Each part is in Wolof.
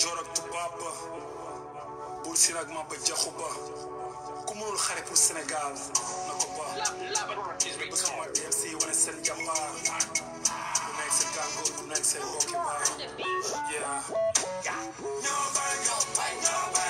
joor ak tubaab ba buur si nag ma ba jaxu ba ku mënul xare pour Sénégal na ko ba bu sama TMC wane seen jàmbaar ku nekk seen gàngoor ku nekk seen mbokki baay yeah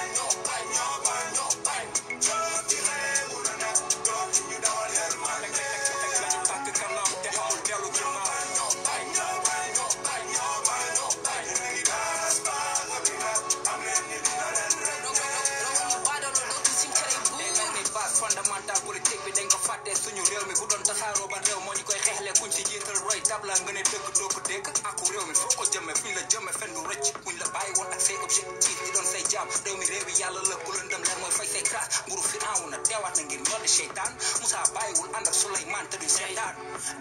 jàmm réew mi réew yi yàlla la ku lëndëm leer mooy fay say traas nguuru firaaw na teewaat na ngir ñolli seytaan Moussa bàyyiwul ànd ak Souleymane te duñ seytaan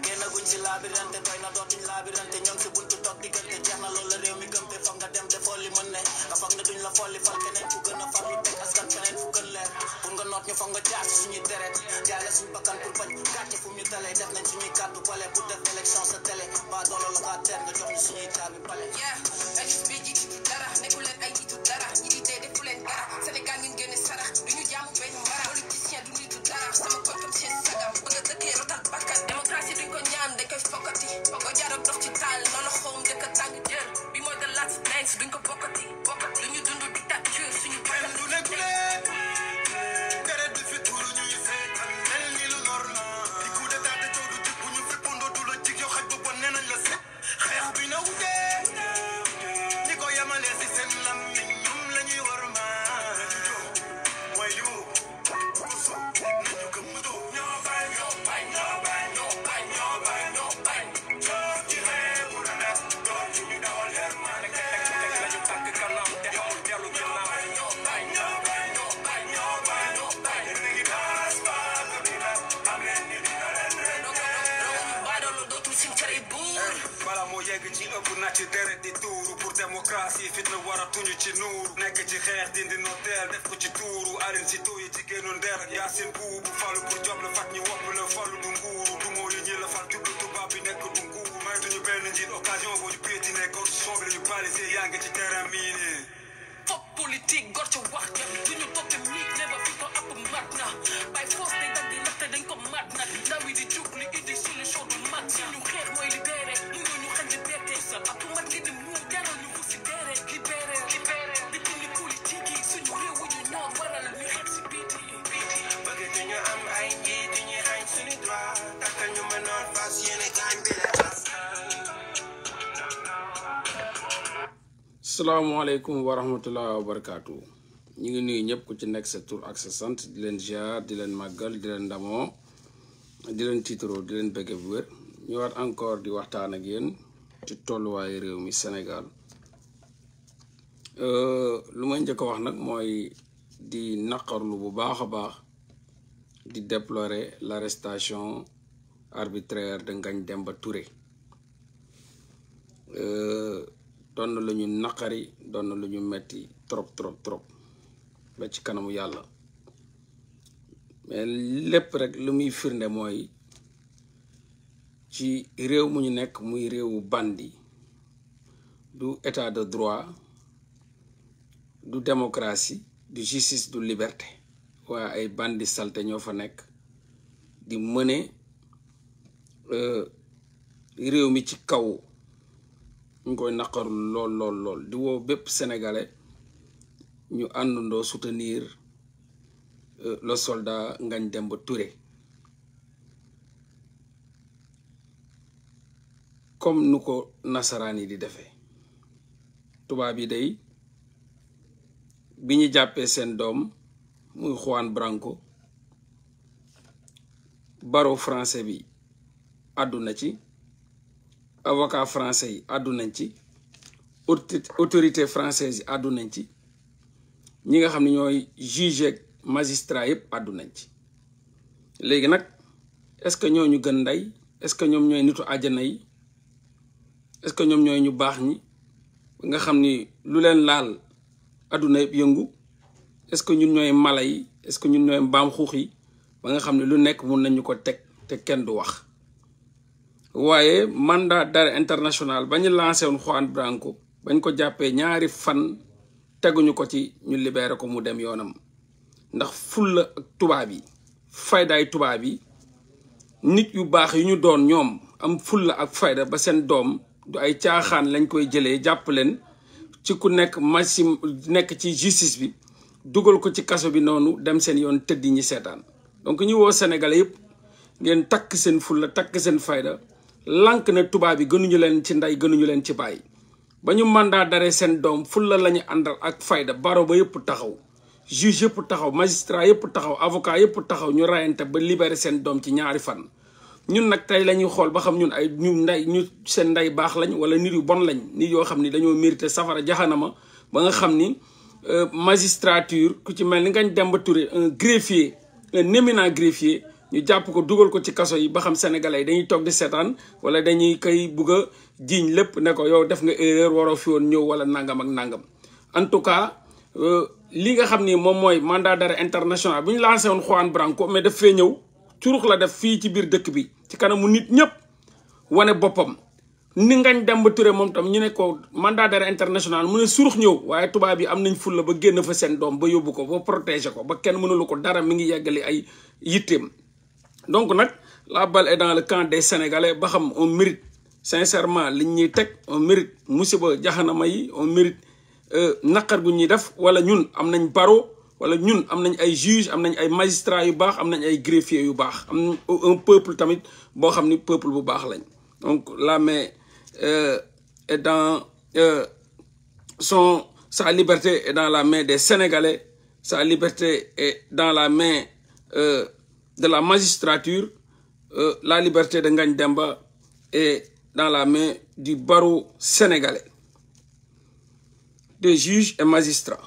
génn guñ ci laabirante doy na dootuñ laabirante ñoom si buntu toog diggante jeex na loolu réew mi gëm te foog dem te folli mën ne nga foog ne la folli fal keneen fu gën a far ñu teg askan keneen fu gën leer pour nga noot ñu foog nga jaar suñuy deret jaale suñu bakkan pour bañ gàcce ñu talee def nañ suñuy kàddu def élection sa télé ba doolo la kaa teer nga jox ñu suñuy caabi bale Saalum si salaamaaleykum wa rahmatullah wa barakaatu ñu ngi nuyu ñëpp ku ci nekk sa tur ak sa sant di leen ziar di leen màggal di leen ndamoo di leen tiitaroo di leen bëgge bu wér ñëwaat encore di waxtaan ak yéen ci tolluwaayu réew mi Sénégal euh, lu may njëkk a wax nag mooy di naqarlu bu baax a baax di déplorer l'arrestation arbitraire de Ngagne Demba Touré. Euh, doon na ñu naqari doon na lu ñu metti trop trop trop ba ci kanamu yàlla mais lépp rek lu muy firnde mooy ci réew mu ñu nekk muy réewu bandi du état de droit du démocratie du justice du liberté waaye ay bandi salte ñoo fa nekk di mëne euh, réew mi ci kaw ñu koy naqaru lool lool lool bépp senegale ñu àndandoo soutenir euh, le ngañ dem ba ture comme nu ko nasaraan yi di defee tubaab yi day bi ñu jàppee seen doom muy Juan Branco baro français bi àdduna ci avocat français yi àddunañ nañ ci autorité français yi àddunañ ci ñi nga xam ne ñooy juge ak magistrat yëpp àddu ci léegi nag est-ce que ñoo ñu gën ndey est-ce que ñoom ñooy nitu àjjana yi est-ce que ñoom ñooy ñu baax ñi nga xam ni lu leen laal adduna yëpp yëngu est-ce que ñun ñooy mala yi est-ce que ñun ñooy mbaam xuux yi ba nga xam ne lu nekk mun nañu ko teg te kenn du wax waaye mandat d'arrêt international ba ñu lancé woon Juan Branco bañ ko jàppee ñaari fan teguñu ko ci ñu libeere ko mu dem yoonam ndax fulla ak tubaab yi faydaay tubaab yi nit yu baax yu ñu doon ñoom am fulla ak fayda ba seen doom du ay caaxaan lañ koy jëlee jàpp leen ci ku nekk masim nekk ci justice bi dugal ko ci kaso bi noonu dem seen yoon tëddi ñi seetaan donc ñu woo Sénégalais yëpp ngeen takk seen fulla takk seen fayda lànk na tubaab yi gënuñu leen ci ndey gënuñu leen ci bàyyi ba ñu mandat daree seen doom fulla la ñu àndal ak fayda baro ba yëpp taxaw juge yëpp taxaw magistrat yëpp taxaw avocat yëpp taxaw ñu rayante ba libéré seen doom ci ñaari fan ñun nag tey la ñuy xool ba xam ñun ay ñu ndey ñu seen ndey baax lañ wala nit yu lañ nit yoo xam ni dañoo mérité safara jaxanama ba nga xam ni euh, magistrature ku ci mel ni ngañ Demba Touré un greffier un éminent greffier ñu jàpp ko dugal ko ci kaso yi ba xam sénégalais dañuy toog di seetaan wala dañuy kay bugg a jiiñ lépp ne ko yow def nga erreur waroo fi woon ñëw wala nangam ak nangam en tout cas euh, li nga xam ni moom mooy mandat d'arrêt international bu ñu lancé woon Juan Branco mais daf fee ñëw curux la def fii ci biir dëkk bi ci kanamu nit ñëpp wane boppam ni dem ba Touré moom tam ñu ne ko mandaa d'arrêt international mu ne surux ñëw waaye tubaab yi am nañ fulla ba génn fa seen doom ba yóbbu ko ba protéger ko ba kenn mënulu ko dara mi ngi yeggali ay yitteem donc nag la balle est dans le camp des sénégalais ba xam on mérite sincèrement liñ ñuy teg on mérite musiba jaxanama yi on mérite euh, naqar gu ñuy def wala ñun am nañ barreau wala ñun am nañ ay juge am nañ ay magistrats yu baax am nañ ay greffier yu baax am un peuple tamit boo xam ni peuple bu baax lañ donc la main euh, est dans euh, son sa liberté est dans la main des sénégalais sa liberté est dans la main de la magistrature, euh, la liberté de Ngagne Demba est dans la main du baru sénégalais, de juges et magistrats.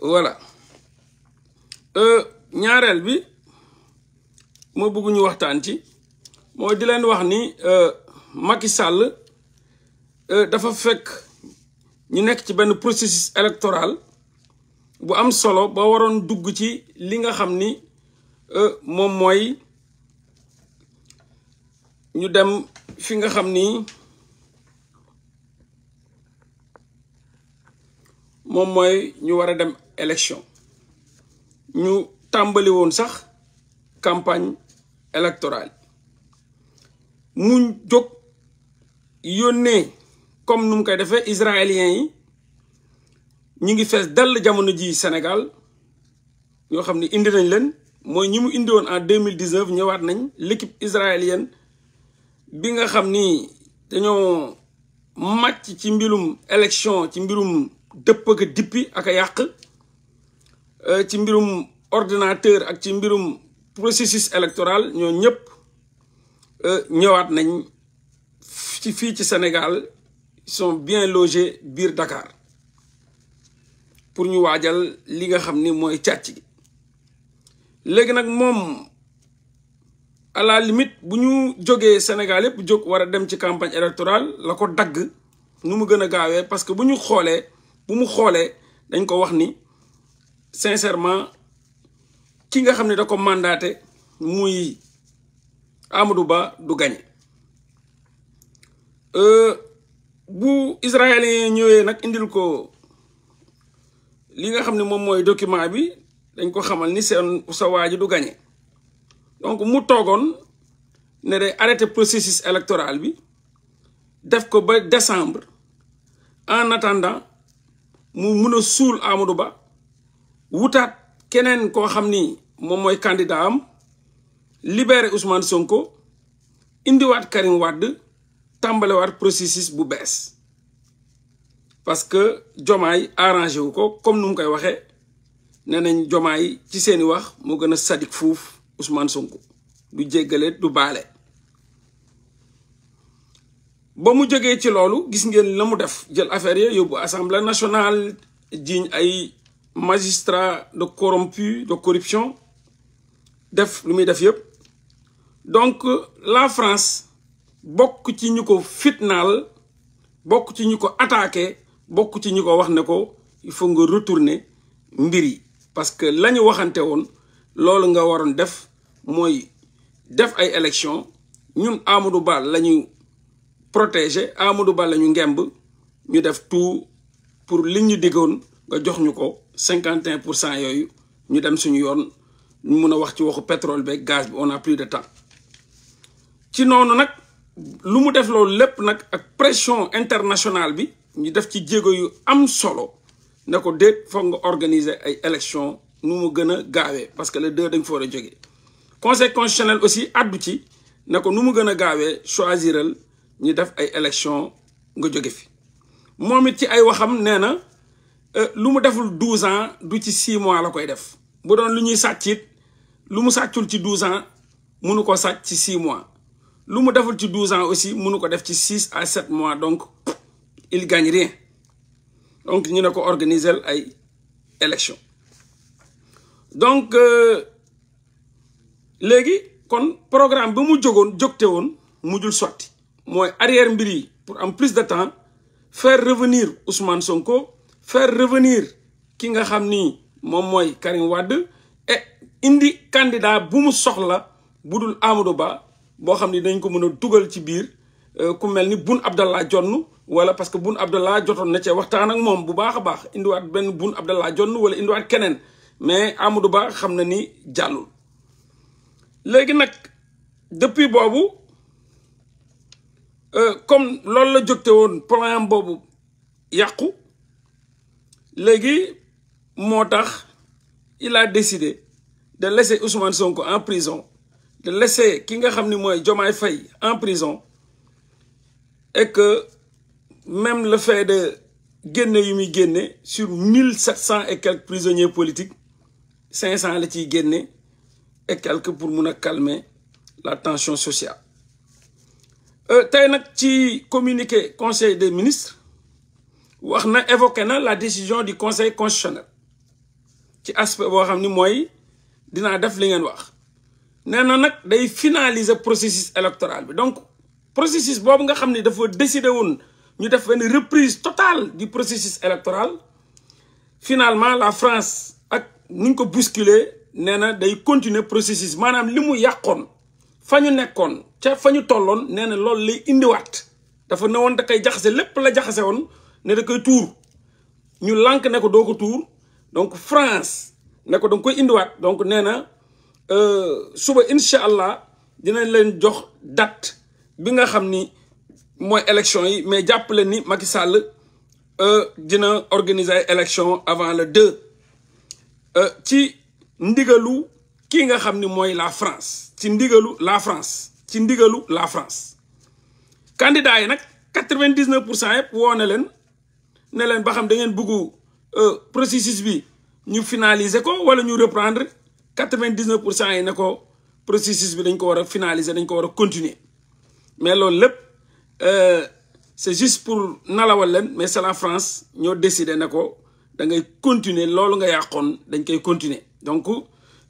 Voilà. Euh, ñaareel bi moo bëgg waxtaan ci moo di leen wax ni euh, Macky sàll euh, dafa fekk ñu nekk ci benn processus électoral bu am solo ba waroon dugg ci li nga xam ni euh, moom mooy ñu dem fi nga xam ni moom mooy ñu war a dem élection ñu tàmbali woon sax campagne électorale mu jóg yónnee comme nu mu koy defee israéliens yi ñu ngi fees dell jamono ji Sénégal ñoo xam ne indi nañ leen mooy ñi mu indi woon en deux mille dix neuf ñëwaat nañ l'équipe israélienne bi nga xam ni dañoo màcc ci mbirum élection ci mbirum dëpp ak dippi ak a yàq euh, ci mbirum ordinateur ak ci mbirum processus électoral ñoo ñëpp euh, ñëwaat nañ ci fii ci Sénégal ils bien logés biir Dakar pour ñu waajal li nga xam ni mooy càcc gi léegi nag moom à la bu ñu jógee Sénégal yëpp jóg war a dem ci campagne électorale la ko dagg nu mu gën a gaawee parce que bu ñu xoolee bu mu xoolee dañ ko wax ni sincèrement ki nga xam ne da ko mandaté muy Amadou Ba du gañe euh, bu israéliens ñëwee nag indil ko li nga xam ne moom mooy document bi dañ ko xamal ni seen sa waa ji du gagné donc mu toogoon ne day arrêté processus électoral bi def ko ba décembre en attendant mu mun a suul Amadou Ba wutaat keneen koo xam ni moom mooy candidat am libéré Ousmane Sonko indiwaat Karim Wade tàmbalewaat processus bu bees. parce que jomaay arrangé wu ko comme nu mu koy waxee nee nañ jomaay ci seeni wax moo gën a sadik fuuf Ousmane Sonko du jéggale du baale ba mu jegee ci loolu gis ngeen la mu def jël affaire ya yóbbu assemblée nationale jiiñ ay magistrat de corrompu de corruption def lu muy def yëpp donc la France bokk ci ñu ko fitnaal bokk ci ñu ko attaqué bokk ci ñi ko wax ne ko il faut nga retourner mbir yi parce que la ñu waxante woon loolu nga waroon def mooy def ay élection ñun Amadou Ba la ñu protéger Amadou Ba ñu ngemb ñu def tout pour li ñu diggoon nga jox ñu ko cinquante et pour cent yooyu ñu dem suñu yoon ñu mun a wax ci waxu pétrole beeg gaz bi on a plus de temps ci noonu nag lu mu def loolu lépp nag ak pression internationale bi ñu def ci jéego yu am solo ne ko déet foog nga organiser ay élection nu mu gën a gaawee parce que le deux dañ foo war a jógee conseil constitutionnel aussi addu ci ne ko nu mu gën a gaawee choisiral ñu def ay élection nga jóge fi moom it ci ay waxam nee na euh, lu mu deful douze ans du ci six mois la koy def bu doon lu ñuy sàcc lu mu sàccul ci douze ans mënu ko sàcc ci six mois lu mu deful ci douze ans aussi mënu ko def ci six à sept mois donc il gagne donc ñu ne ko organiser ay élection donc euh, léegi kon programme ba mu jógoon jógte woon mu mujjul sotti mooy arrière mbir pour en plus de temps faire revenir Ousmane Sonko faire revenir ki nga xam ni moom mooy Karim wàdd et indi candidat bu mu soxla bu dul Amadou Ba boo xam ni dañ ko mën a dugal ci biir Euh, ku mel ni Boun Abdallah Dionne wala parce que Boun Abdallah jotoon na cee waxtaan ak moom bu baax a baax indiwaat benn bun Abdallah Dionne wala indiwaat keneen mais Amadou Ba xam na ni jàllul léegi nag depuis boobu euh, comme loolu la jógte woon problème boobu yàqu léegi moo tax il a décidé de laisser Ousmane Sonko en prison de laisser ki nga xam ni mooy Diomaye fay en prison et que même le fait de génne yu muy génne sur mille sept cent et quelques prisonniers politique cinq cent la ciy génne et quelques pour mun a calmer la tension sociale euh, tey nag ci communiqué conseil des ministres wax na évoqué na la décision du conseil constitutionnel ci aspect boo xam ni mooy dinaa def li ngeen wax nee na nag day finaliser processus électoral bi donc processus boobu nga xam ne dafa décidé woon ñu def benn reprise totale di processus électoral finalement la France ak nuñ ko bousculer nee na day continuer processus maanaam li mu yàqoon fa ñu nekkoon ca fa ñu tolloon nee na loolu lay indiwaat dafa ne woon da koy jaxase lépp la jaxase woon ne da koy tuur ñu lànk ne ko doo ko tuur donc France ne ko da nga koy indiwaat donc nee na euh, suba incha allah dinañ leen jox dat bi nga xam ni mooy élection yi mais jàpp leen ni Macky Sall euh, dina organiser ay élection avant le 2 euh, ci ndigalu kii nga xam ni mooy la France ci ndigalu la France ci ndigalu la France candidat yi nag quatre-vingt-dix-neuf pour cent yëpp woo na leen ne leen ba xam da ngeen bëggu euh, processus bi ñu finaliser ko wala ñu reprendre quatre-vingt-dix-neuf pour cent yi ne ko processus bi dañ ko war a finaliser dañ ko war a continuer mais loolu lépp euh, c'est juste pour nalawal leen mais c'est la France ñoo décider ne ko da ngay continuer loolu nga yàqoon dañ koy continuer donc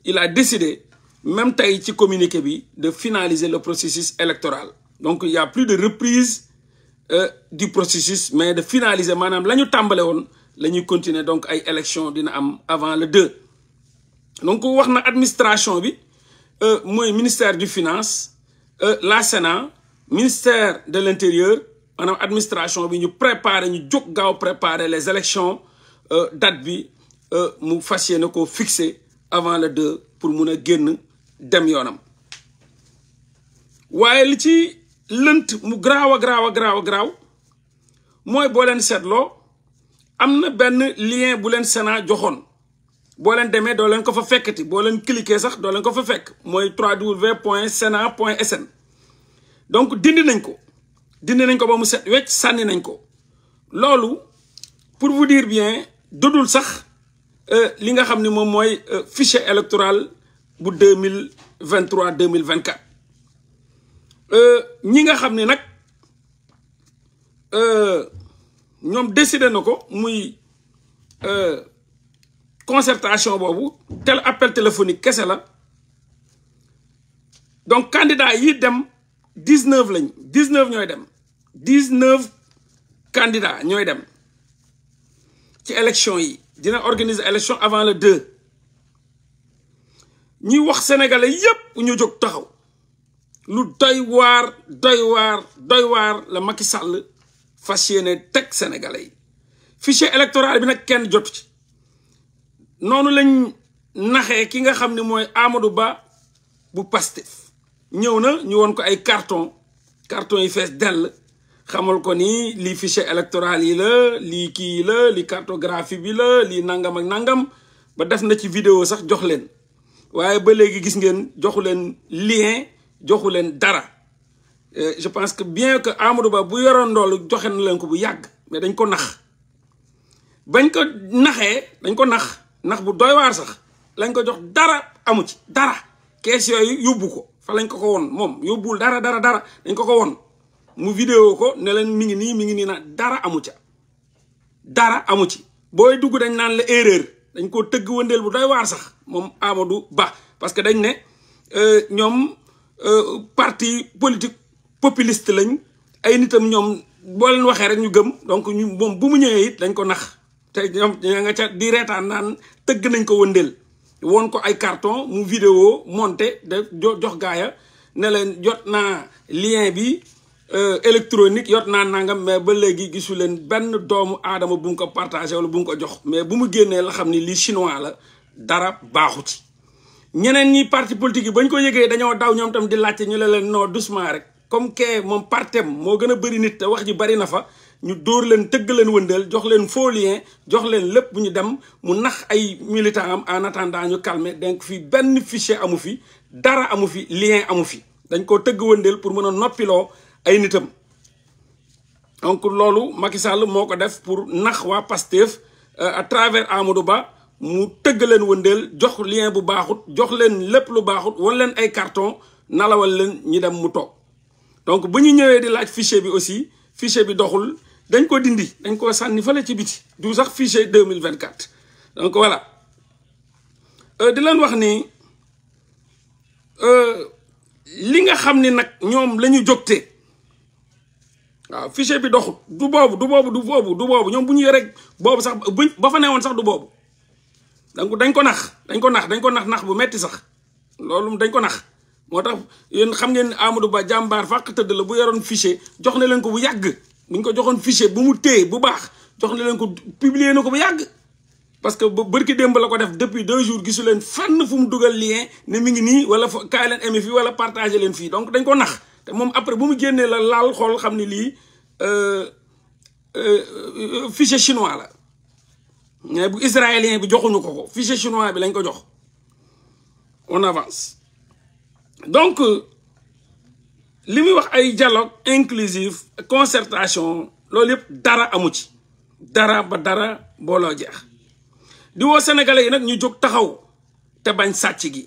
il a décider même tey ci communiqué bi de finaliser le processus électoral donc il y a plus de reprise euh, du processus mais de finaliser maanaam la ñu tàmbale woon la ñuy continuer donc ay élection dina am avant le 2 donc wax na administration bi euh, mooy ministère du finance la Sénat ministère de l' intérieur maanaam administration bi ñu préparer ñu jóg gaaw préparer les élections euh, date bi euh, mu fas yéene ko fixé avant le deux pour mun a génn dem yoonam waaye li ci lënt mu graaw a graaw a graaw graaw mooy boo leen seetloo am na benn lien bu leen Sénat joxoon boo leen demee doo leen ko fa fekkati boo leen cliquer sax doo leen ko fa fekk mooy 3 vingt point Sénat point sn donc dindi nañ ko dindi nañ ko ba mu set wecc sànni nañ ko loolu pour vous dire bien dodul sax euh, li nga xam ne moom mooy euh, fichier électoral bu deux mille vingt deux mille vingt quatre euh, ñi nga xam ne nag ñoom décidé na ko muy concertation boobu tel appel téléphonique kese la donc candidat yi dem. 19 lañ 19 ñooy dem 19 candidats ñooy dem ci élection yi dina organise élection avant le 2 ñuy wax sénégalais yépp ñu jóg taxaw lu doy waar doy waar doy waar la Macky sàll fas yéene teg sénégalais yi fichier électoral bi nag kenn jotu ci noonu lañ naxee ki nga xam ne mooy Amadou Ba bu Pastef ñëw na ñu woon ko ay carton carton yi fees dell xamal ko ni lii fichier électoral yi la lii kii la lii cartographie bi la lii nangam ak nangam ba def na ci vidéo sax jox leen waaye ba léegi gis ngeen joxu leen lien joxu leen dara euh, je pense que bien que Amadou Ba bu yoroon loolu joxe na leen ko bu yàgg mais dañ ko nax bañ ko naxee dañ ko nax nax bu doy waar sax lañ ko jox dara amu ci dara kees yooyu yóbbu ko fa lañ ko ko woon moom yóbbuwul dara dara dara dañ ko ko woon mu vidéo ko ne leen mi ngi nii mi ngi nii na dara amu ca dara amu ci booy dugg dañ naan la erreur dañ koo tëgg wëndeel bu day waar sax moom Amadou Ba parce que dañ ne euh, ñoom euh, parti politique populiste lañ ay nitam ñoom boo leen waxee rek ñu gëm donc ñu moom bu mu ñëwee it dañ ko nax te ñoom ña nga ca di reetaan naan tëgg nañ ko wëndeel woon ko ay karton mu video monté de jo jox gaaya ne leen jot naa lien bi euh, électronique yot naa nangam mais ba léegi gisu leen benn doomu aadama bu mu ko partagé wala bu mu ko jox mais bu mu génnee la xam ni li chinois la dara baaxu ci ñeneen ñi parti politique yi ñu ko yëgee dañoo daw ñoom tam di laajte ñu ne leen noo doucement rek comme que moom partem moo gën a bëri nit te wax ji bari na fa ñu dóor leen tëgg leen wëndeel jox leen faux lien jox leen lépp bu ñu dem mu nax ay militant am en attendant ñu calmer donc fii benn fichier amu fi dara amu fi lien amu fi dañ koo tëgg wëndeel pour mën a noppiloo ay nitam donc loolu Macky Sall moo ko def pour nax waa Pastef euh, à travers Amadou Ba mu tëgg leen wëndeel jox lien bu baaxut jox leen lépp lu baaxut wan leen ay karton nalawal leen ñi dem mu toog donc bu ñu ñëwee di laaj fichier bi aussi fichier bi doxul dañ ko dindi dañ ko sànni fële ci biti du sax fichier deux mille vingt quatre donc voilà euh, di leen wax ni euh, li nga xam ni nag ñoom la ñu jógtee waaw fichier bi doxut du boobu du boobu du boobu du boobu ñoom bu ñu rek boobu sax buñ ba fa newoon sax du boobu donc dañ ko nax dañ ko nax dañ ko nax nax bu metti sax loolu dañ ko nax moo tax yéen xam ngeen Amadou Ba jàmbaar fàq tëdd la bu yoroon fichier jox na leen ko bu yàgg buñ ko joxoon fichier bu mu téye bu baax jox na leen ko publier na ko bu yàgg parce que ba bërki démb la ko def depuis deux jours gisuleen leen fànn fu mu dugal lien ne mi ngi nii wala kaay leen aimé fii wala partagé leen fii donc dañ ko nax te moom après bu mu génnee la laal xool xam ni lii euh, euh, euh, fichier chinois la mais bu israélien bi joxuñu ko ko fichier chinois bi lañ ko jox on avance donc li muy wax ay dialogue inclusive concertation loolu yépp dara amu ci dara ba dara booloo jeex di woo sénégalais yi nag ñu jóg taxaw te bañ sàcc gi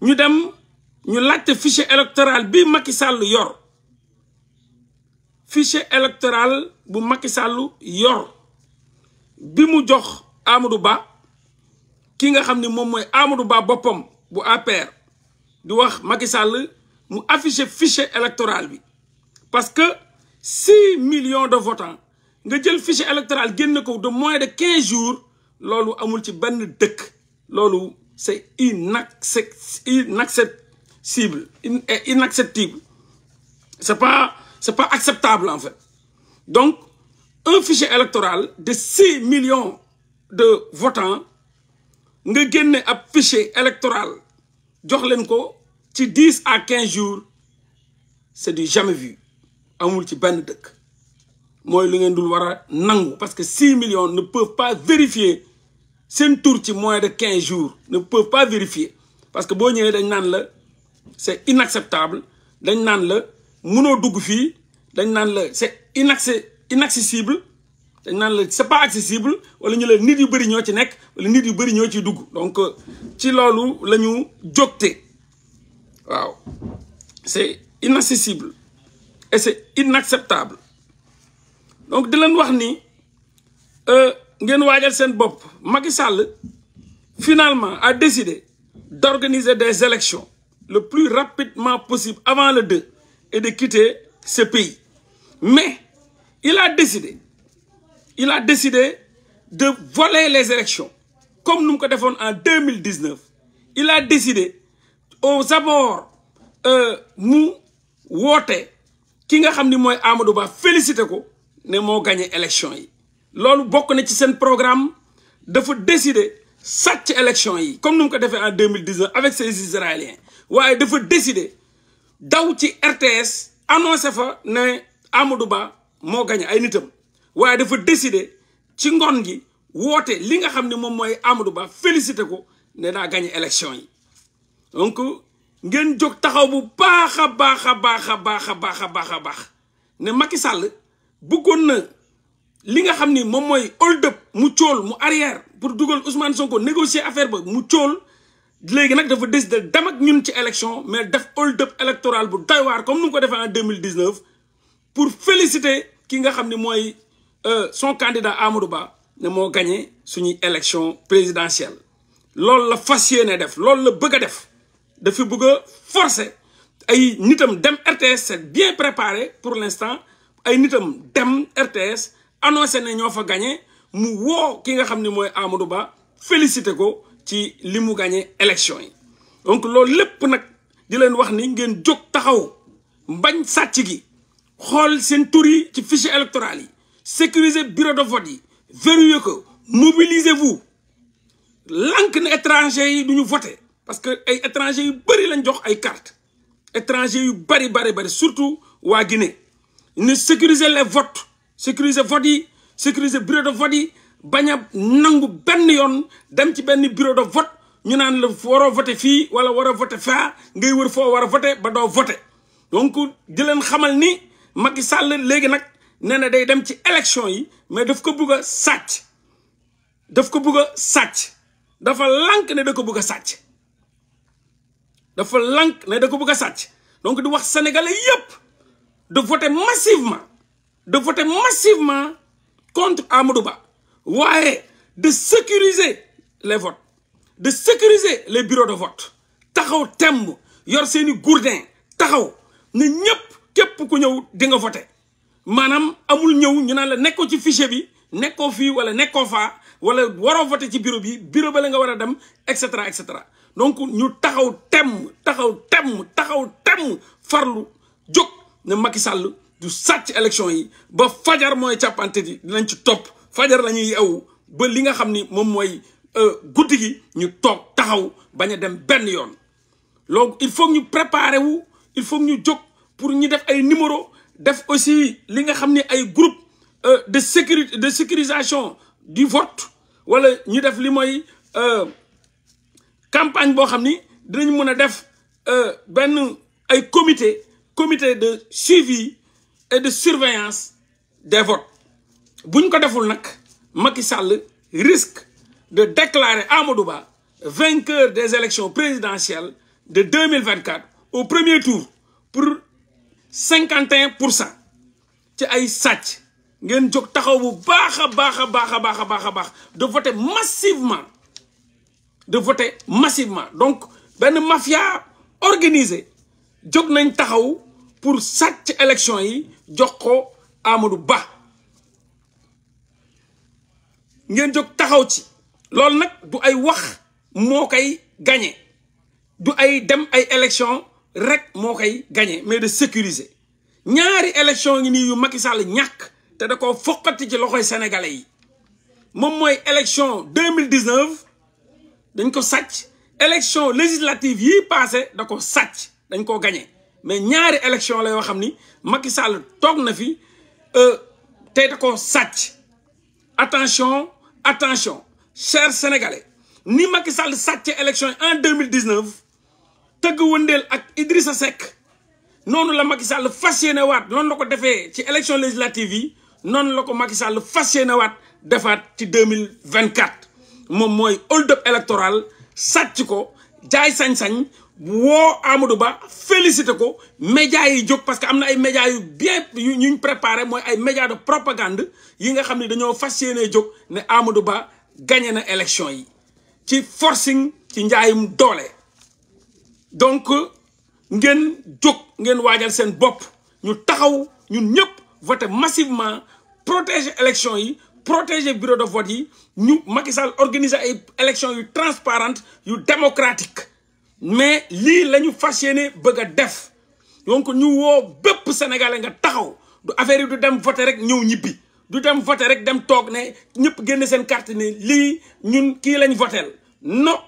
ñu dem ñu laajte fichier électoral bi Macky Sall yor fichier électoral bu Macky Sall yor bi mu jox Amadou ki nga xam ni moom mooy Amadou Ba boppam bu APR di wax Macky Sall mu affiché fichier électoral bi parce que six millions de votants nga jël fichier électoral génne ko de moins de quinze jours loolu amul ci benn dëkk loolu c'est inacceptable inacceptable c'est pas c'est pas acceptable en fait donc un fichier électoral de six millions de votants nga génne ab fichier électoral jox leen ko ci dix à quinze jours c'est du jamais vu amul ci benn dëkk mooy li ngeen dul war a nangu parce que six millions ne peuvent pas vérifier seen tour ci moins de quinze jours ne peuvent pas vérifier parce que boo ñëwee dañ naan la c'est inacceptable dañ naan la mënoo dugg fii dañ naan la c'est inaccès inaccessible dañ naan la c'est pas accessible wala ñu la nit yu bëri ñoo ci nekk wala nit yu bëri ñoo ciy dugg donc ci loolu la ñu jógte waaw c'est inaccessible et c'est inacceptable donc di leen wax ni euh, ngeen waajal seen bopp Macky Sall finalement a décidé d'organiser des élections le plus rapidement possible avant le 2 et de quitter ce pays mais il a décidé il a décidé de voler les élections comme nu mu ko defoon en 2019 il a décidé aux abords euh, mu woote ki nga xam ni mooy Amadou Ba félicité ko ne moo gagné élection yi loolu bokk na ci seen programme dafa décider sàcc élection yi comme nu mu ko defee en deux mille dix-neuf avec ces israéliens waaye dafa décider daw ci RTS annoncé fa ne Amadou Ba moo gagné ay nitam waaye dafa décider ci ngoon gi woote li nga xam ne moom mooy Amadou Ba félicité ko ne naa gagné élection yi. donc ngeen jóg taxaw bu baax a baax a baax a baax a baax a baax a baax ne Macky sàll bëggoon na li nga xam ni moom mooy hold up mu cool mu arrière pour dugal Ousmane Sonko négocier affaire ba mu cool léegi nag dafa décider dem ak ñun ci élection mais def hold up électoral bu doy comme nu mu ko defee en deux mille dix neuf pour féliciter ki nga xam ni mooy euh, son candidat Amadou Ba ne moo gagné suñuy élection présidentielle loolu la fas yéene def loolu la bëgg a def. dafa bëgg a forcer ay nitam dem RTS c'est bien préparé pour l'instant ay nitam dem RTS annoncé ne ñoo fa gagné mu woo ki nga xam ne mooy Amadou Ba félicité ko ci li mu gagné élection yi donc loolu lépp nag di leen wax ni ngeen jóg taxaw mbañ sàcc gi xool seen tur yi ci fichier électoral yi sécuriser bureau de vote yi verrouiller ko mobilisez-vous lànk na étranger yi duñu voté parce que ay étrangers yu bëri lañ jox ay carte étrangers yu bëri bëri bëri surtout waa Guinée ñu sécuriser les votes sécuriser vote yi sécuriser bureau de vote yi bañ a nangu benn yoon dem ci benn bureau de vote ñu naan la waroo voté fii wala war a voté faa ngay wër foo war a voté ba doo voté donc di xamal ni Macky Sall léegi nag nee na day dem ci élection yi mais daf ko bugg a sàcc daf ko bugg a sàcc dafa lànk ne da ko bugg a sàcc dafa lank ne da ko bëgg a sàcc donc di wax sénégalais yépp de voter massivement de voter massivement contre Amadou Ba waaye de sécuriser les votes de sécuriser les bureaux de vote taxaw temb yor seeni gourdin taxaw ne ñépp képp ku ñëw di nga voter maanaam amul ñëw ñu naan la nekkoo ci fichier bi nekkoo fii wala nekkoo faa wala waroo voter ci bureau bi bureau ba la nga war a dem et cetera et cetera donc ñu taxaw temm taxaw temm taxaw temm farlu jóg ne Macky Sall du sàcc élection yi ba fajar mooy càppante ji dinañ ci topp fajar lañuy ñuy yeewu ba li nga xam ni moom mooy euh, guddi gi ñu toog taxaw bañ a dem benn yoon. loolu il faut ñu préparer wu il faut ñu jóg pour ñu def ay numéro def aussi li nga xam ni ay groupe euh, de sécurité de sécurisation du vote wala ñu def li mooy. Euh, campagne boo xam ni dinañ mën a def euh, benn ay comité comité de suivi et de surveillance des votes buñ ko deful nag Macky sàll risque de déclarer Amadou Ba vainqueur des élections présidentielles de deux mille vingt quatre au premier tour pour cinquante et un pour cent ci ay sàcc ngeen jog taxaw bu baax a baax a baax a baax a baax de voter massivement de voter massivement donc benn mafia organisée jóg nañ taxaw pour sàcc élection yi jox ko Amadou Ba ngeen jóg taxaw ci loolu nag du ay wax moo koy gagné du ay dem ay élection rek moo koy gagné mais de sécuriser ñaari élection ngi nii yu Macky Sall ñàkk te da ko foqati ci loxoy sénégalais yi moom mooy élection deux mille dix-neuf dañ ko sàcc élection législative yi passé da ko sacc dañ koo gañe mais ñaari élection la yoo xam ni Macky Sall toog na fi euh, te da ko sàcc attention attention chers sénégalais ni Macky Sall sàcce élection yi en 2019 tëgg wëndeel ak Idrissa Seck noonu la Macky Sall fas yéene waat noonu la ko defee ci élection législative yi noonu la ko Macky Sall fas yéene waat defaat ci 2024 moom mooy hold up électoral sàcc ko jaay sañ-sañ woo Amadou Ba félicité ko média yi jóg parce que am na ay média yu bien yu ñu préparé mooy ay média de propagande yi nga xam ne dañoo fas yéenee jóg ne Amadou Ba gagné na élection yi ci forcing ci njaayum doole donc ngeen jóg ngeen waajal seen bopp ñu taxaw ñun ñëpp voté massivement protéger élection yi protéger bureau de vote yi ñu Macky Sall organiser ay élections yu transparente yu démocratique mais lii la ñu fas yéene bëgg a def donc ñu woo bépp sénégalais nga taxaw du affaire yi du dem voter rek ñëw ñibbi du dem voter rek dem toog ne ñëpp génne seen carte ne lii ñun kii lañ voteel non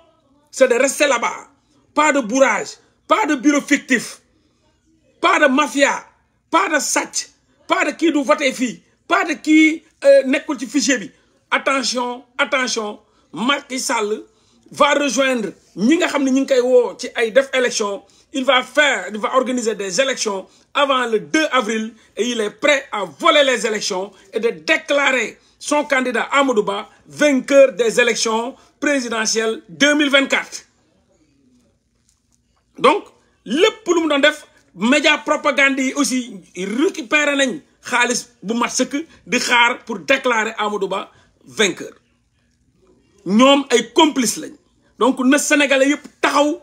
c'est de rester là-bas pas de bourrage pas de bureau fictif pas de mafia pas de sàcc pas de kii du voter fii pas de kii Euh, nekkul ci fichier bi attention attention Macky Sall va rejoindre ñi nga xam ne ñu ngi koy woo ci ay def élection il va faire il va organiser des élections avant le 2 avril et il est prêt à voler les élections et de déclarer son candidat Amadou Ba vainqueur des élections présidentielles 2024 donc lépp lu mu doon def média propagande yi aussi récupéré nañ xaalis bu mat sëkk di xaar pour déclarer Amadou Ba vainqueur ñoom ay complice lañ donc na sénégalais yëpp taxaw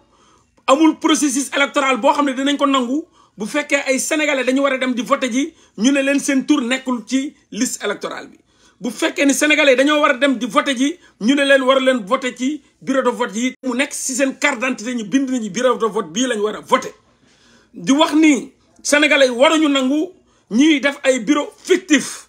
amul processus électoral boo xam ne dinañ ko nangu bu fekkee ay sénégalais dañu war a dem di voté ji ñu ne leen seen tur nekkul ci liste électorale bi bu fekkee ni sénégalais dañoo war a dem di voté ji ñu ne leen war a leen voté ci bureau de vote yi mu nekk si seen carte d'identité ñu bind nañu bureau de vote bii lañu war voté di wax ni sénégalais waruñu nangu ñuy def ay bureau fictif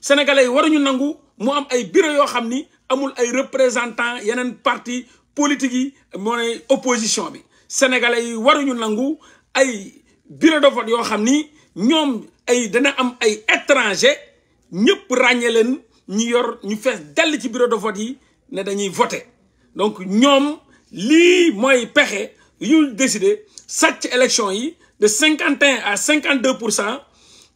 sénégalais yi waruñu nangu mu am ay bureau yoo xam ni amul ay représentant yeneen parti politique yi mooy opposition bi sénégalais yi waruñu nangu ay bureau de vote yoo xam ni ñoom ay dana am ay étranger ñëpp ràññee leen ñu yor ñu fees dell ci bureau de vote yi ne dañuy voter donc ñoom lii mooy pexe yu décider sàcc élection yi de cinquante et à cinquante deux pour cent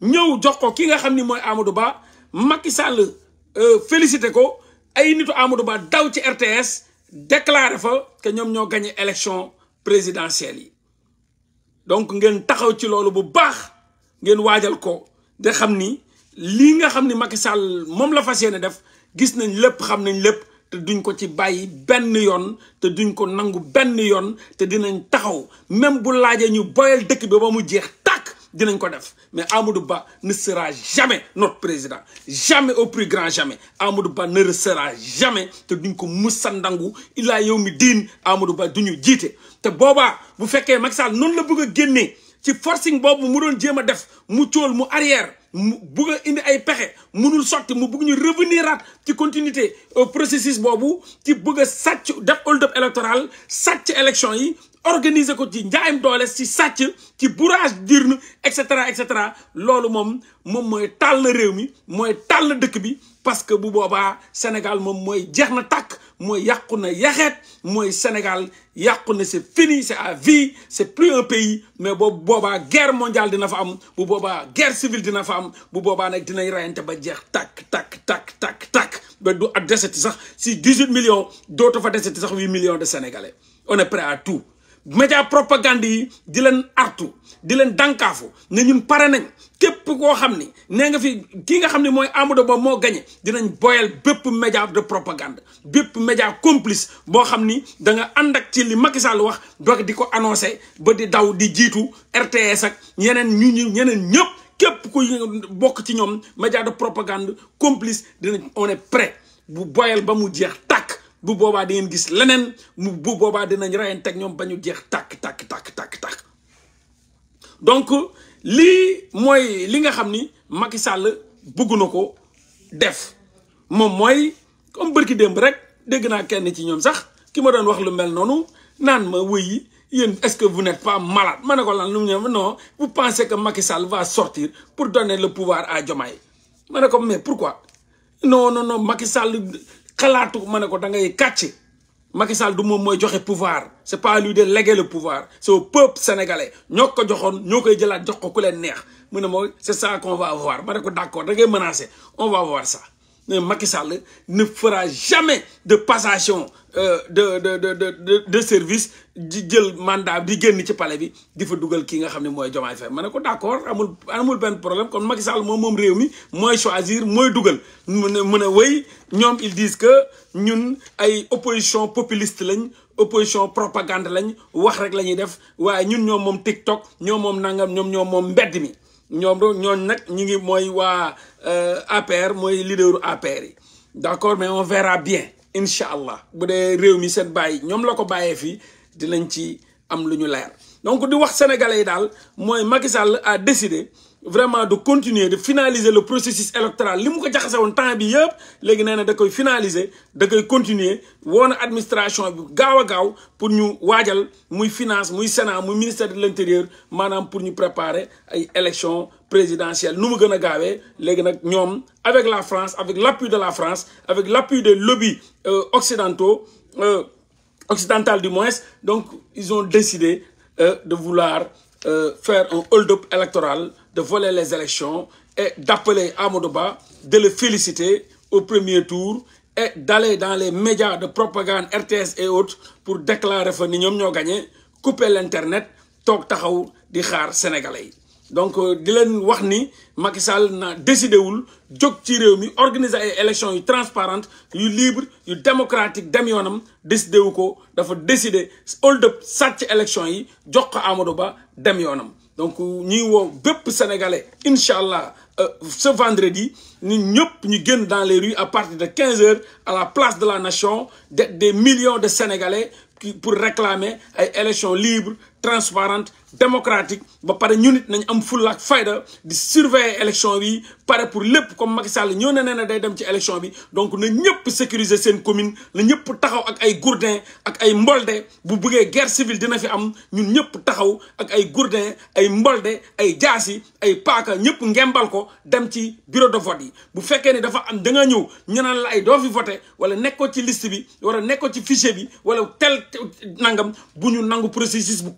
ñëw jox ko ki nga xam ni mooy Amadou Ba Macky Sall euh, félicité ko ay nitu Amadou Ba daw ci RTS déclaré fa que ñoom ñoo gagné élection présidentielle yi donc ngeen taxaw ci loolu bu baax ngeen waajal ko de xam ni lii nga xam ni Macky sàll moom la fas yéene def gis nañ lépp xam nañ lépp te duñ ko ci bàyyi benn yoon te duñ ko nangu benn yoon te dinañ taxaw même bu laajee ñu boyal dëkk bi ba mu jeex dinañ ko def mais Amadou Ba ne sera jamais notre président jamais au plus grand jamais Amadou Ba ne sera jamais te duñ ko musa ndangu illa yow mi diin Amadou Ba du ñu jiite. te boobaa bu fekkee Macky Sall noonu la bëgg a génnee ci forcing boobu mu doon jéem a def mu cóol mu arrière mu bëgg indi ay pexe munul sotti mu bëgg ñu revenir at ci continuité euh, processus boobu ci bugga a sàcc def hold up électoral sàcc élection yi. organiser ko ci njaayam doole ci sàcc ci bourrage d'urne et cetera et cetera loolu moom moom mooy tàll réew mi mooy tàll dëkk bi parce que bu boobaa Sénégal moom mooy jeex na tàkk mooy yàqu na yaxeet mooy Sénégal yàqu na c'est fini c'est à vie c'est plus un pays mais boobu boobaa guerre mondiale dina fa am bu boobaa guerre civile dina fa am bu boobaa nag dinañ reyante ba jeex tàkk tàkk tàkk tàkk tàkk ba du ak deseti sax si 18 millions dootu fa deseti sax 8 millions de Sénégalais on est média propagande yi di leen artu di leen dànkaafu ne ñun pare nañ képp koo xam ni nee nga fi kii nga xam ne mooy Amadou Ba moo gañe dinañ boyal bépp média de propagande bépp média complice boo xam ni da nga ànd ak ci li Macky Sall wax doog di ko annoncé ba di daw di jiitu RTS ak ñeneen ñu ñu ñeneen ñëpp képp ku bokk ci ñoom média de propagande complice dinañ one est bu boyal ba mu jeex bu boobaa di ngeen gis leneen mu bu boobaa dinañ teg ñoom ba ñu jeex tàkk tàkk tàkk tàkk tàkk donc lii mooy li nga xam ni Macky sàll bëgg na ko def moom mooy comme bërki démb rek dégg naa kenn ci ñoom sax ki ma doon wax lu mel noonu naan ma wëyi yéen est-ce que vous n'êtes pas malade ma ne ko lan lu mu ñëw non vous pensez que Macky Sall va sortir pour donner le pouvoir à Diomaye ma ne ko mais pourquoi non non non Macky Sall xalaatu ma ne ko da ngay kàcc Macky Sall du moom mooy joxe pouvoir c'est pas à lui de léguer le pouvoir c'est au peuple ñoo ko joxoon ñoo koy jëlaat jox ko ku leen neex mu ne mooy c'est ça qu'on va voir ma ne ko d'accord da ngay menacer on va voir ça Macky Sall ne fera jamais de passation euh, de de de de de service di jël mandat di génn ci pale bi di fa dugal ki nga xam ne mooy Diomaye Faye ma ne ko d'accord amul amul benn problème kon Macky Sall moom moom réew mi mooy choisir mooy dugal mu ne mu ne way ñoom ils disent que ñun ay opposition populiste lañ opposition propagande lañ wax rek la ñuy def waaye ñun ñoom moom TikTok ñoom moom nangam ñoom ñoom moom mbedd mi. ñoom ñooñ nag ñu ngi mooy waa euh, APR mooy leaderu APR yi d' accord mais on verra bien incha allah bu dee réew mi seen bàyyi ñoom la ko bàyyee fii dinañ ci am lu ñu leer donc di wax sénégalais yi daal mooy Macky Sall a décidé vraiment de continuer de finaliser le processus électoral li mu ko jaxase woon temps bi yëpp léegi nee na da koy finaliser da koy continuer woon administration bi gaaw a gaaw pour ñu waajal muy finance muy sénat muy ministère de l' intérieur maanaam pour ñu préparer ay élections présidentielles nu mu gën a gaawee léegi nag ñoom avec la France avec l' appui de la France avec l' de des lobbies euh, occidentaux euh, occidental du moins donc ils ont décidé euh, de vouloir faire un hold-up de voler les élections dappale d'appeler ba de le féliciter au premier tour dale dans les médias de propagande RTS et autres pour déclarer que nous avons gagné, couper l'Internet, toog taxaw di xaar sénégalais donc euh, di leen wax ni Macky Sall na décidé wul jóg ci réew mi organiser ay élections yu transparente yu libre yu démocratique dem yoonam décidé wu ko dafa décidé hold up sàcc élections yi jox ko Amadou Ba dem yoonam donc ñuy woo bépp sénégalais incha allah euh, ce vendredi ñun ñëpp ñu génn dans les rues à partir de quinze heures à la place de la nation des millions de sénégalais pour réclamer ay élections libres transparente démocratique ba pare ñu nit nañ am fulla laaj fayda di surveiller élection bi pare pour lépp comme Macky Sall ñëw ne nee na day dem ci élection bi donc na ñëpp sécuriser seen commune na ñëpp taxaw ak ay gourdin ak ay mbolde bu buggee guerre civile dina fi am ñun ñëpp taxaw ak ay gourdin ay mbolde ay jaasi ay paaka ñëpp ngembal ko dem ci bureau de vote yi bu fekkee ni dafa am da ñëw ñu la ay doo fi voté wala nekkoo ci liste bi wala nekkoo ci fichier bi wala tel nangam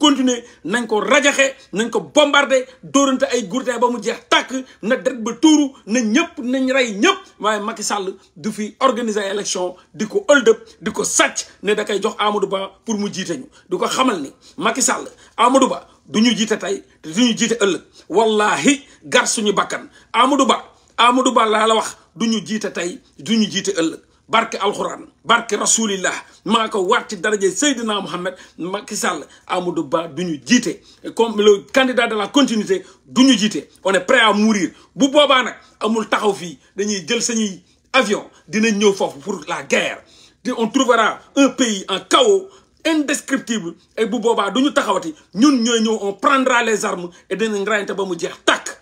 continuer nañ ko rajaxe nañ ko bombarder dóorante ay gurtaay ba mu jeex tàkk na deret ba tuuru na ñëpp nañ rey ñëpp waaye Macky Sall du fi organiser élection di ko hold di ko sàcc ne da koy jox Amadou Ba pour mu jiite ñu di ko xamal ni Macky Sall Amadou Ba du ñu jiite tey te du ñu jiite ëllëg wallahi gar suñu bakkan Amadou Ba Amadou Ba laa la wax du ñu jiite tey du ñu jiite ëllëg barke alxuraan barke rasulillah maa ko waat ci daraje Seydina Mohamed Macky Sall Amadou Ba du ñu jiite comme le candidat de la continuité du ñu jiite on est prêt à mourir bu boobaa nag amul taxaw fii dañuy jël sañuy avion dinañ ñëw foofu pour la guerre te on trouvera un pays en chaos indescriptible et bu boobaa du ñu taxawati ñun ñooy ñëw on prendra les armes et dinañ rayante ba mu jeex tàkk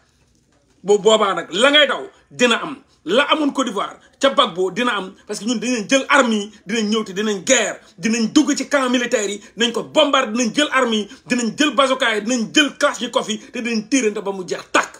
bu boobaa nag la ngay daw dina am la amoon Côte d'Ivoire ca boo dina am parce que ñun dinañ jël armes yi dinañ ñëw te dinañ guerre dinañ dugg ci camp militaire yi nañ ko bombarde dinañ jël armes yi dinañ jël bazooka yi dinañ jël kalachnikov yi te dinañ tiirante ba mu jeex tàkk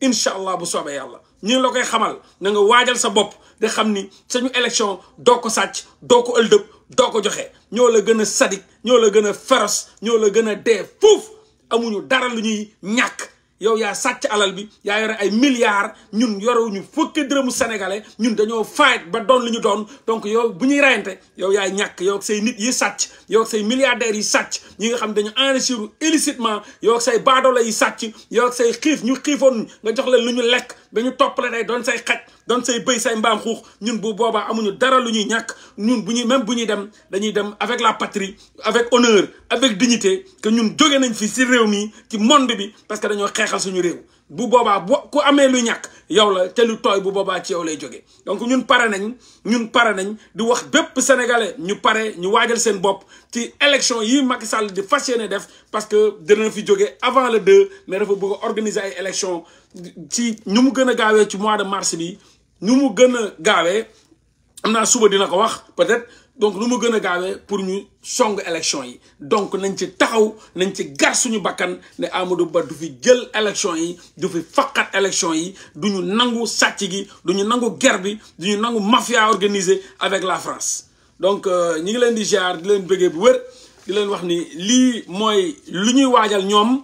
incha allah bu soobee yàlla ñu la koy xamal na nga waajal sa bopp de xam ni sañu élection doo ko sàcc doo ko ëldëb doo ko joxe ñoo la gën a sadik ñoo la gën a féroce ñoo la gën a dee fuuf amuñu dara lu ñuy ñàkk yow yaa sàcc alal bi yaa yore ay milliards ñun yorewuñu fukki dërëmu sénégalais ñun dañoo faay ba doon li ñu doon donc yow bu ñuy rayante yow yaay ñàkk yow sey nit yi sàcc yow sey say milliardaires yi sàcc ñi nga xam dañu enrichir illicitement yow ak say baadoolo yi sàcc yow ak say xiif ñu xiifoon nga jox leen lu ñu lekk dañu topp la doon say xaj doon say bëy say mbaam xuux ñun bu boobaa amuñu dara lu ñuy ñàkk ñun bu ñuy même bu ñuy dem dañuy dem avec la patrie avec honneur avec dignité que ñun jóge nañ fi si réew mi ci monde bi parce que dañoo xeexal suñu réew bu boobaa bo ku amee lu ñàkk yow la te lu tooy bu boobaa ci yow lay jóge donc ñun pare nañ ñun pare nañ di wax bépp sénégalais ñu pare ñu waajal seen bopp ci élection yi Macky Sall di fas yéene def parce que dina fi jóge avant le 2 ne dafa bëgg a organiser ay élection ci ñu mu gën a gaawee ci mois de mars bi ñu mu gën a gaawee am naa suba dina ko wax peut-être donc lu mu gën a gaawee pour ñu song élection yi donc nañ ci taxaw nañ ci gar suñu bakkan ne Amadou Ba du fi jël élection yi du fi faqat élection yi du ñu nangu sàcc gi du ñu nangu guerre bi du ñu nangu mafia organisée avec la France donc euh, ñi ngi leen di ziar di leen bëggee bu wër di leen wax ni lii mooy lu ñuy waajal ñoom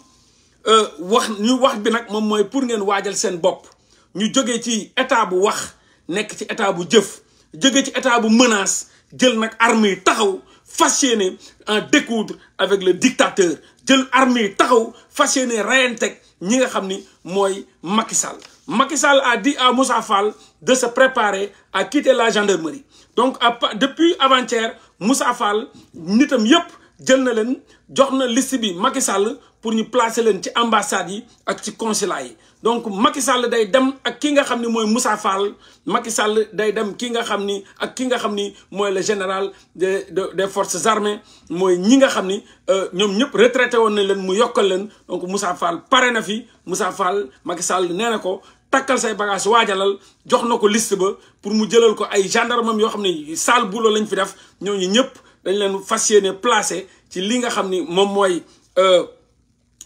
euh, wax ñu wax bi nag moom mooy pour ngeen waajal seen bopp ñu jógee ci état bu wax nekk ci état bu jëf jógee ci état bu menace jël nag armée yi taxaw fas yéene en découdre avec le dictateur jël armée yi taxaw fas yéene ñi nga xam ni mooy Macky Sall Macky Sall a dit à Moussa Fall de se préparer à quitter la gendarmerie donc depuis avant-hier Moussa Fall nitam yépp jël na leen jox na liste bi Macky pour ñu placer leen ci ambassades yi ak ci consulat yi donc Macky Sall day dem ak ki nga xam ni mooy Moussa Fall Macky Sall day dem ki nga xam ni ak ki nga xam ni mooy le général des des force armées mooy ñi nga xam ni euh, ñoom ñëpp retraité woon nañ leen mu yokkal leen donc Moussa Fall pare na fi Moussa Fall Macky Sall nee na ko takkal say bagage waajalal jox na ko liste ba pour mu jëlal ko ay gendarme yoo xam ne sale boulot lañ fi def ñooñu ñëpp dañ leen fas yéene placé ci li nga xam ni moom mooy euh,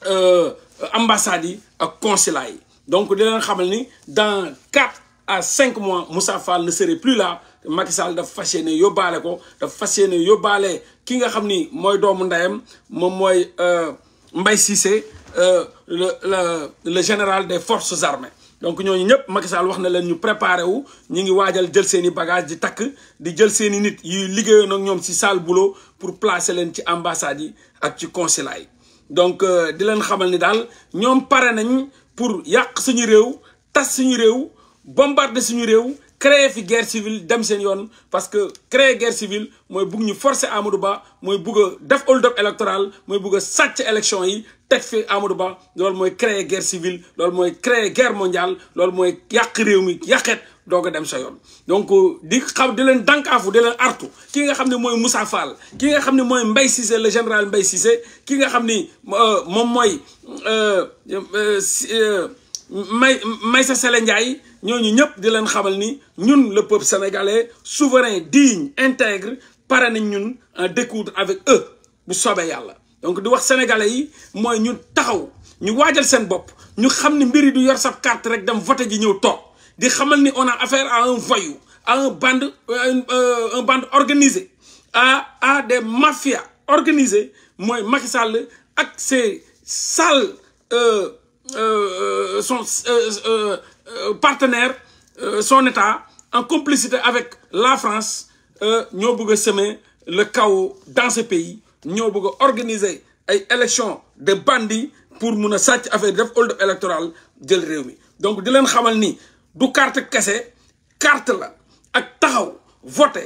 euh, ambassades yi ak consulat yi. donc di leen xamal ni dans quatre à cinq mois Moussa Fall ne serait plus là Macky Sall dafa fas yéene yóbbaale ko daf fas yéene yóbbaale ki nga xam ni mooy doomu ndeyam moom mooy euh, Mbaye Cissé euh, le le le général des forces armées. donc ñooñu ñëpp Macky Sall wax na leen ñu préparé wu ñu ngi waajal jël seen i bagage di takk di jël seen i nit yi liggéeyoon ñoom si sale boulot pour placer leen ci ambassades yi ak ci consulat yi donc euh, di leen xamal ni daal ñoom pare nañ. pour yàq suñu réew tas suñu réew bombarder suñu réew créer fi guerre civile dem seen yoon parce que créer guerre civile mooy bugg ñu forcer Amadou Ba mooy bugg def hold up électoral mooy bugg a sàcc élection yi teg fi Amadou Ba loolu mooy créer guerre civile loolu mooy créer guerre mondiale loolu mooy yàq réew mi yàqet doog dem sa donc di xaw di leen dànkaafu di leen artu ki nga xam ne mooy Moussa Fall ki nga xam ne mooy Mbaye Cissé le général Mbaye Cissé ki nga xam ni euh, moom mooy euh, euh, May Maysa Sele Ndiaye ñooñu ñëpp di leen xamal ni ñun le peuple sénégalais souverain digne intègre pare nañ ñun en découdre avec eux bu soobee yàlla donc di wax sénégalais yi mooy ñun taxaw ñu waajal seen bopp ñu xam ni mbiri du yor sa carte rek dem voté ji ñëw toog. di xamal ni on a affaire à un voyou à un bande euh, euh, un bande à à des mafias organisées mooy Macky Sall ak ses sales euh, son partenaire son état en complicité avec la France ñoo bëgg a semer le chaos dans ce pays ñoo bëgg a organiser ay élections de bandits pour mun a sàcc affaire def hold-up électoral jël réew mi donc di leen xamal ni. du carte kese carte la ak taxaw voté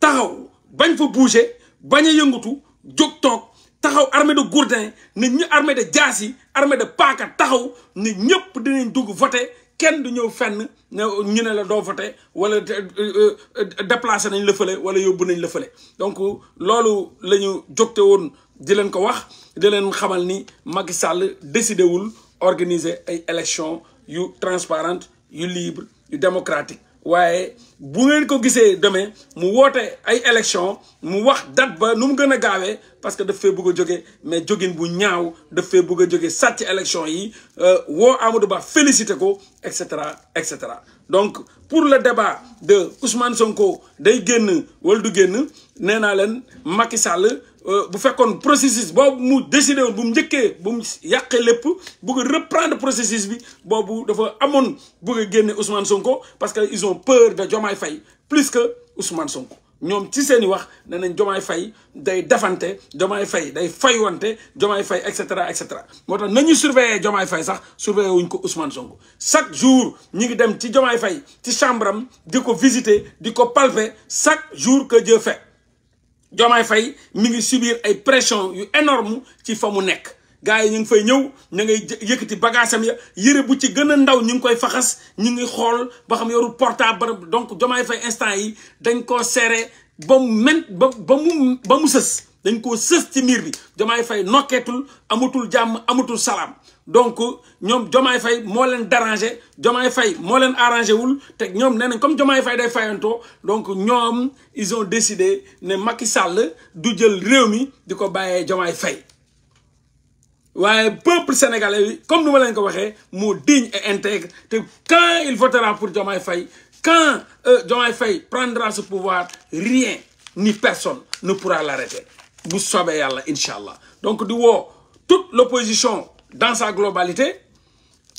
taxaw bañ fa bouger bañ a yëngatu jóg toog taxaw armée de gourdin ne ñu armée de jaas yi armée de paaka taxaw ne ñëpp dinañ dugg voté kenn du ñëw fenn ñu ne la doo voté wala euh, euh, déplacé nañ la fële wala yóbbu nañ la fële donc loolu la ñu jógte woon di leen ko wax di leen xamal ni Macky Sall décidé wul organiser ay élection yu transparente yu libre yu démocratique waaye bu ngeen ko gisee demee mu woote ay élection mu wax dat ba nu mu gën a gaawee parce que daf fee bëgg a jóge mais jógin bu ñaaw daf fee bëgg a jóge sàcc élection yi euh, woo Amadou Ba félicité ko et cetera et cetera donc pour le débat de Ousmane Sonko day génn wala du génn nee naa leen Macky Sall Euh, bu fekkoon processus boobu mu décidé woon bu mu njëkkee bu mu yàqee lépp bëgg a reprendre processus bi boobu dafa amoon bëgg génne Ousmane Sonko parce que ils ont peur de Diomaye fay plus que Ousmane Sonko ñoom ci seen i wax ne nañ Diomaye Faye day defante Diomaye Faye day faywante Diomaye Faye et cetera et cetera moo tax nañu surveiller Diomaye Faye sax surveiller wuñ ko Ousmane Sonko chaque jour ñu ngi dem ci Diomaye fay ci chambre am di ko visiter di ko palper chaque jour que jë fait Diomaye fay mu ngi subir ay pression yu énorme ci fa mu nekk gars yi ñu ngi fay ñëw ñu ngay yëkkati bagaasam ya yëre bu ci gën a ndaw ñu ngi koy faxas ñu ngi xool ba xam yoru portable donc Diomaye fay instant yi dañ koo seere ba mu men ba ba mu ba mu sës dañ koo sës ci miir bi Diomaye fay nokkeetul amatul jàmm amatul salaam donc ñoom Jomaay Fay moo leen dérangé Jomaay Fay moo leen arrangé wul te ñoom nee nañ comme Jomaay Fay day fayantoo donc ñoom ils ont décidé ne Macky Sall du jël réew mi di ko bàyyee Jomaay Fay waaye peuple sénégalais comme nu leen ko waxee moo digne et intègre te quand il votera pour Jomaay Fay quand Jomaay euh, Fay prendra ce pouvoir rien ni personne ne pourra l'arrêter bu soobee yàlla incha allah donc di woo toute l'opposition dans sa globalité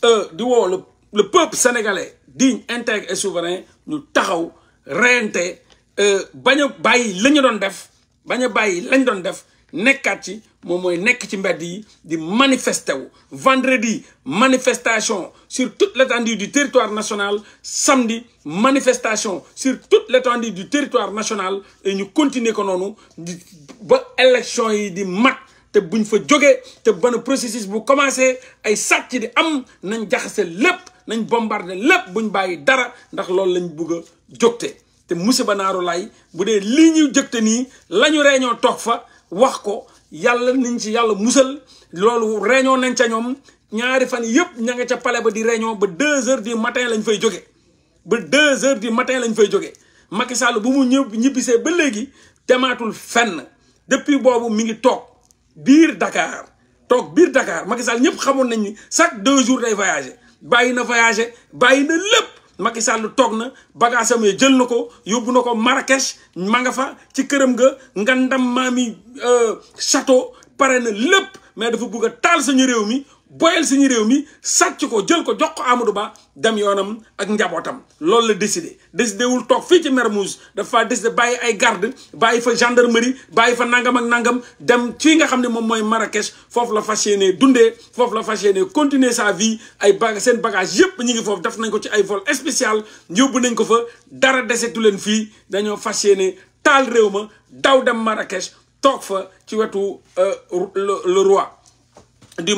euh, di woo le le peuple sénégalais digne intègre et souverain ñu taxaw reyante euh, bañ bàyyi la ñu doon def bañ a bàyyi lañ doon def nekkaat ci moom mooy nekk ci mbedd yi di manifester wu vendredi manifestation sur toute l'étendue du territoire national samedi manifestation sur toute l'étendue du territoire national et ñu continuer ko noonu di ba élection yi di mat te buñ fa jógee te ban processus bu commencé ay sàcc di am nañ jaxase lépp nañ bombardé lépp buñ bàyyi dara ndax loolu lañ bugg a jógte te musiba naaru lay bu dee lii ñu jógte nii lañu reeñoo toog fa wax ko yàlla niñ ci yàlla musal loolu réunion nañ ca ñoom ñaari fan yëpp ña ca pale ba di réunion ba deux heures du matin lañ fay jóge ba deux heures du matin lañ fay jóge Macky Sall bu mu ñëw ñibbisee ba léegi demaatul fenn depuis boobu mi ngi toog biir Dakar toog biir dakaar Macky Sall ñëpp xamoon nañ chaque deux jours day voyager bàyyi na voyager bàyyi na lépp Macky Sall toog na bagage jël na ko yóbbu na ko Marrakech ma nga fa ci këram nga ngandam maami euh, château pare na lépp mais dafa bugg a taal sañu réew mi boyal suñu réew mi sàcc ko jël ko jox ko Amadou Ba dem yoonam ak njabootam loolu la décidé décidé wul toog fii ci Mermoz dafa décidé bàyyi ay garde bàyyi fa gendarmerie bàyyi fa nangam ak nangam dem ci nga xam ne moom mooy Marrakech foofu la fas yéenee dundee foofu la fas yéenee continuer sa vie ay bag seen bagage yëpp ñu ngi foofu def nañ ko ci ay vol spécial yóbbu nañ ko fa dara desetu leen fii dañoo fas yéenee taal réew ma daw dem Marrakech toog fa ci wetu euh, le roi du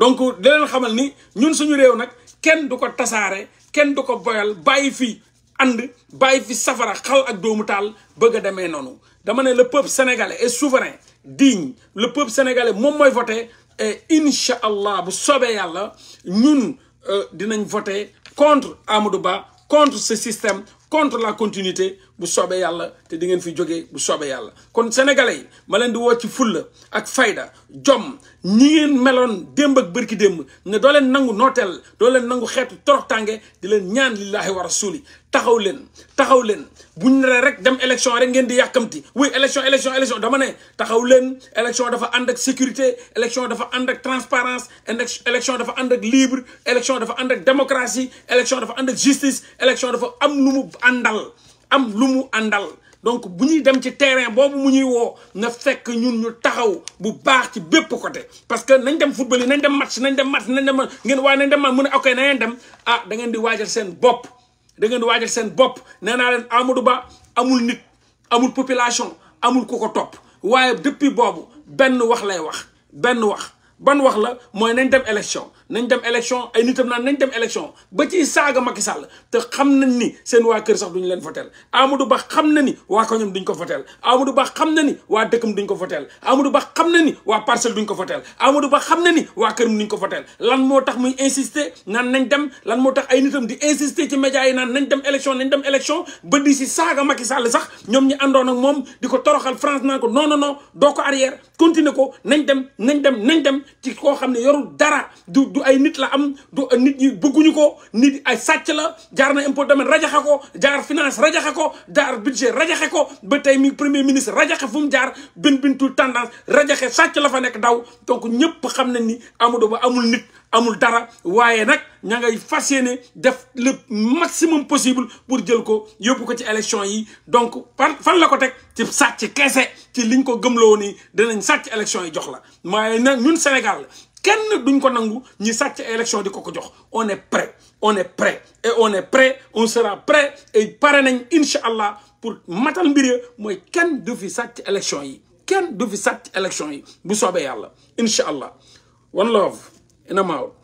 donc di leen xamal ni ñun suñu réew nag kenn du ko tasaare kenn du ko boyal bàyyi fi ànd bàyyi fi safara xal ak doomu taal bëgg demee noonu dama ne le peuple sénégalais est souverain digne le peuple sénégalais moom mooy voté et incha allah bu soobee yàlla ñun euh, dinañ voté contre Amadou Ba contre ce système contre la continuité bu soobee yàlla di ngeen fi jógee bu soobee yàlla kon sénégalais ma leen di woo ci fulla ak fayda jom ñi ngeen meloon démb ak bërki démb ne doo leen nangu nooteel doo leen nangu xeetu toroxtànge di leen ñaan lillaahi wa rasuli taxaw leen taxaw leen buñ ne rek dem élection rek ngeen di yàkkamti oui élection élection élection dama ne taxaw leen élection dafa ànd ak sécurité élection dafa ànd ak transparence élection dafa ànd ak libre élection dafa ànd ak démocratie élection dafa ànd ak justice dafa am lu mu àndal am lu mu àndal donc bu ñuy dem ci terrain boobu mu ñuy woo na fekk ñun ñu taxaw bu baax ci bépp côté parce que nañ dem football yi nañ dem match nañ dem match nañ dem ngeen waaye nañ dem ma mu ne ok na dem ah da ngeen di waajal seen bopp dangeen ngeen di waajal seen bopp nee naa leen Amadou Ba amul nit amul population amul ku ko topp waaye depuis boobu benn wax lay wax benn wax ban wax la mooy nañ dem élection nañ dem élection ay nitam naan nañ dem élection ba ci saaga Macky xam nañ ni seen waa kër sax duñ leen voteel Amadou Ba xam na ni waa koñam duñ ko voteel Amadou Ba xam na ni waa dëkkam duñ ko voteel Amadou Ba xam na ni waa parcelle duñ ko voteel Amadou Ba xam na ni waa këram duñ ko voteel lan moo tax muy insister naan nañ dem lan moo tax ay nitam di insister ci média yi naan nañ dem nañ dem élection ba di si saaga Macky Sall sax ñoom ñi àndoon ak moom di ko toroxal France naan ko non no non doo ko arrière continuer ko nañ dem nañ dem nañ dem ci koo xam ne yorul dara du ay nit la am nit ñi bëgguñu ko nit ay sàcc la jaar na impôt domaine rajaxe ko jaar finance rajaxe ko jaar budget rajaxe ko ba tey mi premier ministre rajaxe fu mu jaar bin bintu tendance rajaxe sàcc la fa nekk daw donc ñëpp xam nañ ni Amadou Ba amul nit amul dara waaye nag ña ngay fas yéene def le maximum possible pour jël ko yóbbu ko ci élection yi donc fan fan la ko teg ci sàcc keese ci liñ ko gëmloo ni dinañ sàcc élection yi jox la maaye nag ñun Sénégal kenn duñ ko nangu ñi sàcc élection di ko ko jox on est prêt on est prêt et on est prêt on sera prêt et pare nañ incha allah pour matal mbir mooy kenn du fi sàcc élection yi kenn du fi sàcc élection yi bu soobee yàlla incha allah one love ina